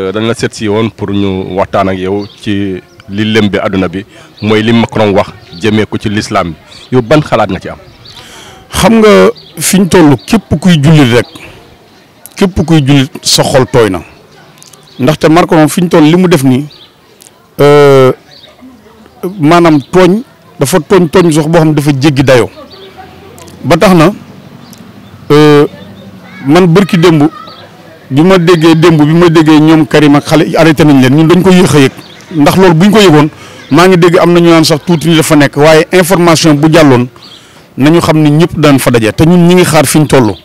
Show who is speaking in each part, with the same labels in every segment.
Speaker 1: Euh, dañ seetsi seet woon pour ñu waxtaan ak yow ci li bi àdduna bi mooy li Macron wax jëmee ko ci lislaam bi yow ban xalaat nga ci am. xam nga fi ñu toll képp kuy jullit rek. képp kuy jullit sa xol tooy na ndaxte Macron moom fi ñu toll li mu def nii euh, maanaam tooñ dafa tooñ tooñ sox boo xam dafa jéggi dayoo ba tax na euh, man bërki démb bi ma déggee démb bi ma déggee ñoom karima ak xale arrêté nañ leen ñun dañ ko yéex a ndax lool bu ñu ko yëgoon maa ngi dégg am na ñu naan sax tuuti ni dafa nekk waaye information bu jàlloon nañu xam ne ñëpp daan fa daje te ñun ñi ngi xaar fi ñu toll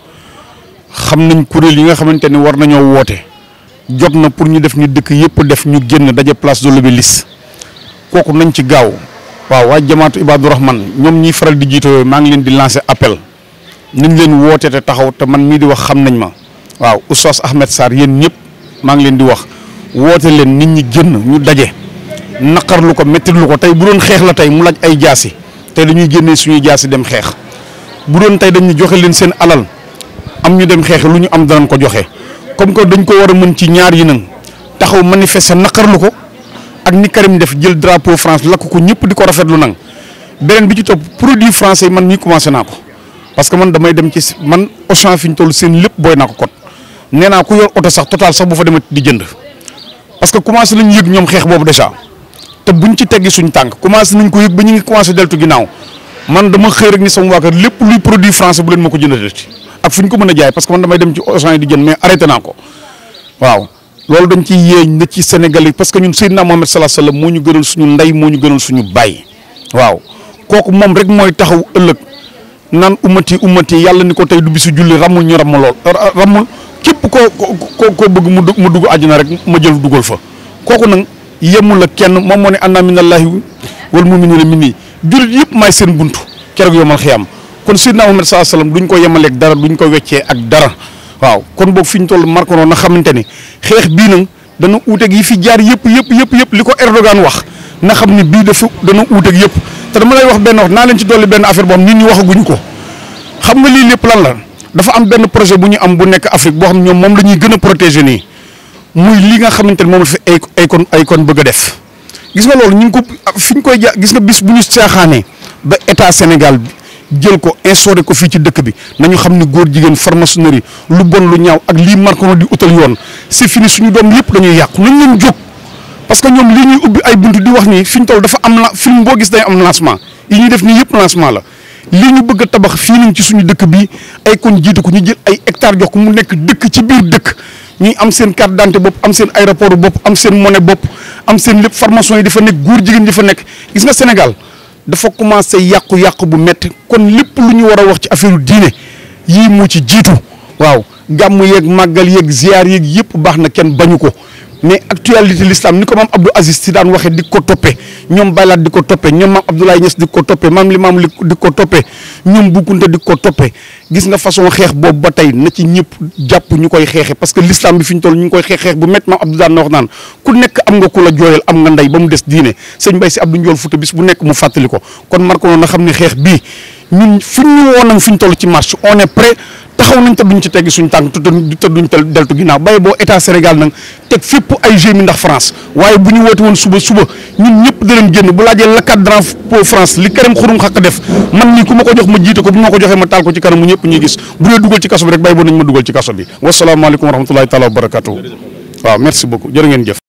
Speaker 1: xam nañ kuréel yi nga xamante ne war nañoo woote jot na pour ñu def ñu dëkk yëpp def ñu génn daje place de l'Obélisque kooku nañ ci gaaw waaw waa jamaatu Ibadou Rahman ñoom ñiy faral di jiite yooyu maa ngi leen di lancer appel nañ leen woote te taxaw te man mii di wax xam nañ ma waaw oustaz Ahmed Sarr yéen ñëpp maa ngi leen di wax woote leen nit ñi génn ñu daje naqarlu ko mettitlu ko tey bu doon xeex la tey mu laaj ay jaasi tey dañuy génnee suñuy jaasi dem xeex bu doon tey dañuy joxe leen seen alal. am ñu dem xeex lu ñu am danañ ko joxe comme que dañ ko war a mën ci ñaar yi nag taxaw manifester naqarlu ko ak ni Karim def jël drapeau France lakk ko ñëpp di ko rafetlu nag beneen bi ci topp produit français man ñi commencé naa ko parce que man damay dem ci man Auchan fi ñu toll seen lépp booy naa ko kot nee naa oto sax total sax bu fa demee di jënd parce que commencé nañ yëg ñoom xeex boobu déjà te buñ ci teggi suñ tànk commencé nañ ko yëg ba ñu ngi commencé deltu ginnaaw man dama xëy rek ni sama waa kër lépp luy produit français bu leen ma ko jëndatee ak fu ñu ko mën a jaay parce que man damay dem ci Auchan yi di jënd mais arrêté ko waaw loolu dañ ciy yéeñ na ci Sénégal yi parce que ñun Seydina Mohamed salaa sallam moo ñu gënal suñu ndey moo ñu gënal suñu baay waaw kooku moom rek mooy taxaw ëllëg naan ummati ummati yàlla ni ko tey du bisu julli ramul ñu ramu lool ramul képp koo koo koo bëgg mu dugg mu dugg àjjana rek ma jël dugal fa kooku nag yemul la kenn moom moo ne anna minallaahi wal mu minnii jullit yëpp maay seen buntu keroog yomal xiyam kon Seydina Muhammad sallallahu alayhi wasallam duñ ko yemaleeg dara duñ ko weccee ak dara waaw kon boog fi ñu toll Macron na xamante ni xeex bii nag dana uuteeg yi fi jaar yëpp yëpp yëpp yëpp li ko Erdogan wax na xam ni bii dafa dana uuteeg yëpp te dama lay wax benn wax naa leen ci dolli benn affaire boo xam nit ñi waxaguñ ko xam nga lii lépp lan la dafa am benn projet bu ñu am bu nekk Afrique boo xam ñoom moom la ñuy gën a protéger nii muy li nga xamante ni moom la fi ay kon ay kon bëgg a def gis nga loolu ñu ngi ko fi ñu koy ja gis nga bis bu ñu ba état Sénégal bi jël ko instauré ko fii ci dëkk bi nañu xam ne góor jigéen franc-maçonnerie lu bon lu ñaaw ak lii Macron di utal yoon c'est fini suñu doom yëpp dañuy yàqu nañ leen jóg parce que ñoom lii ñuy ubbi ay buntu di wax nii fi ñu toll dafa am la film boo gis day am lancement yi ñuy def nii yëpp lancement la lii ñu bëgg a tabax fii nañ ci suñu dëkk bi ay kon jiitu ko ñu jël ay hectares jox ko mu nekk dëkk ci biir dëkk ñuy am seen carte dante bopp am seen aéroport bopp am seen monnaie bopp am seen lépp formation yi dafa nekk góor jigéen dafa nekk gis nga Sénégal dafa commencé yàqu-yàqu bu métti kon lépp lu ñu war a wax ci affaire diine yii moo ci jiitu waaw gàmm yeeg màggal yeeg ziyaar yeeg yëpp baax na kenn bañu ko mais actualité l'islam ni ko maam Abdou Aziz si daan waxee di ko toppee ñoom Baylaat di ko toppee ñoom maam Abdoulaye Niass di ko toppee maam Limaam ko toppee ñoom Boukounta ko toppee gis nga façon xeex boobu ba tey na ci ñëpp jàpp ñu koy xeexee parce que l'islam bi fi ñu toll ñu ngi koy xeex bu métti maam Abdou daan na wax naan ku nekk am nga ku la jooyal am nga ndey ba mu des diine sëñ Mbaye si Abdou Ndiol Fouta bis bu nekk mu fàttali ko kon mar ko noonu na xam ne xeex bii ñun fi ñu woonoon fi ñu toll ci marche on est prêt taxaw nañ te duñ ci teggi suñ tànk te duñ te deltu ginnaaw bay boo état Sénégal nag teg fépp ay gémi ndax France waaye bu ñu woote woon suba suba ñun ñëpp danañ génn bu laajee la quatre drapeau France li këram xurum xaq def man nii ku ma ko jox ma jiite ko bu ma ko joxee ma taal ko ci kanamu ñëpp ñuy gis bu dee dugal ci kaso bi rek bay boo nañ ma dugal ci kaso bi wasalaamaaleykum wa rahmatullahi taala wa barakatuh waaw merci ngeen jëf